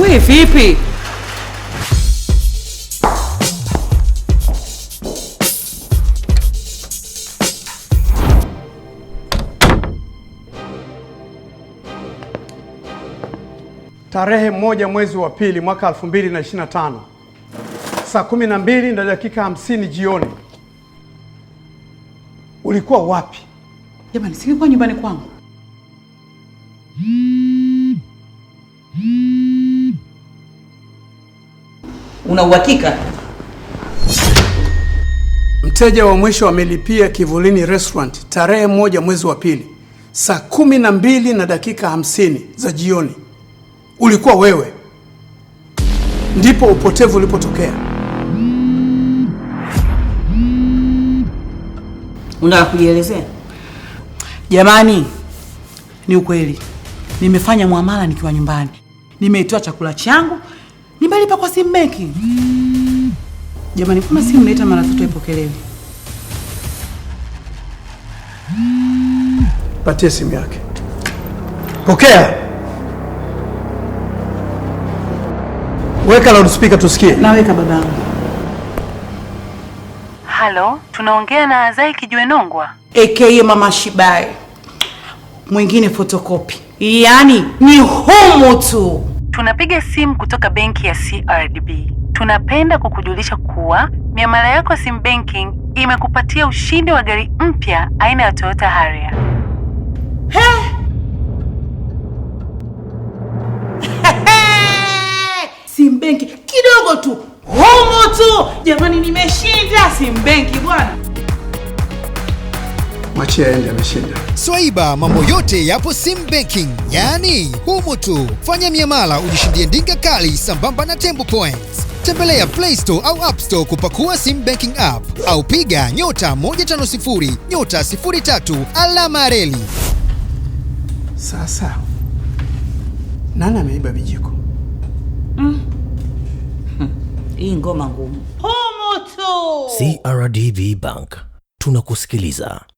We vipi? Tarehe moja mwezi wa pili mwaka 2025 saa 12 na dakika 50 jioni, ulikuwa wapi? Jamani, singekuwa nyumbani kwangu. Hmm. Una uhakika? Mteja wa mwisho amelipia Kivulini Restaurant tarehe moja mwezi wa pili saa kumi na mbili na dakika hamsini za jioni. Ulikuwa wewe, ndipo upotevu ulipotokea. Unataka kujielezea? Jamani, ni ukweli nimefanya muamala nikiwa nyumbani, nimeitoa chakula changu Nimelipa kwa simu meki. Jamani, kuna simu naita mara tatu ipokelewe. Patie simu yake. Pokea. Weka loudspeaker tusikie. Naweka babangu. Halo, tunaongea na Azai Nongwa aka Mama Shibai, mwingine photocopy, yaani ni humu tu Tunapiga simu kutoka benki ya CRDB. Tunapenda kukujulisha kuwa miamala yako ya sim banking imekupatia ushindi wa gari mpya aina ya Toyota Harrier. Sim banking kidogo tu, homo tu, jamani, nimeshinda sim banking bwana mwachie aende, ameshinda. Swaiba, mambo yote yapo Sim Banking, yaani humu tu. Fanya miamala ujishindie ndinga kali sambamba na Tembo Points. Tembelea Play Store au App Store kupakua Sim Banking app au piga nyota 150 nyota 03 alama reli. Sasa nani ameiba vijiko? Mm. Hii ngoma ngumu. CRDB Bank tunakusikiliza.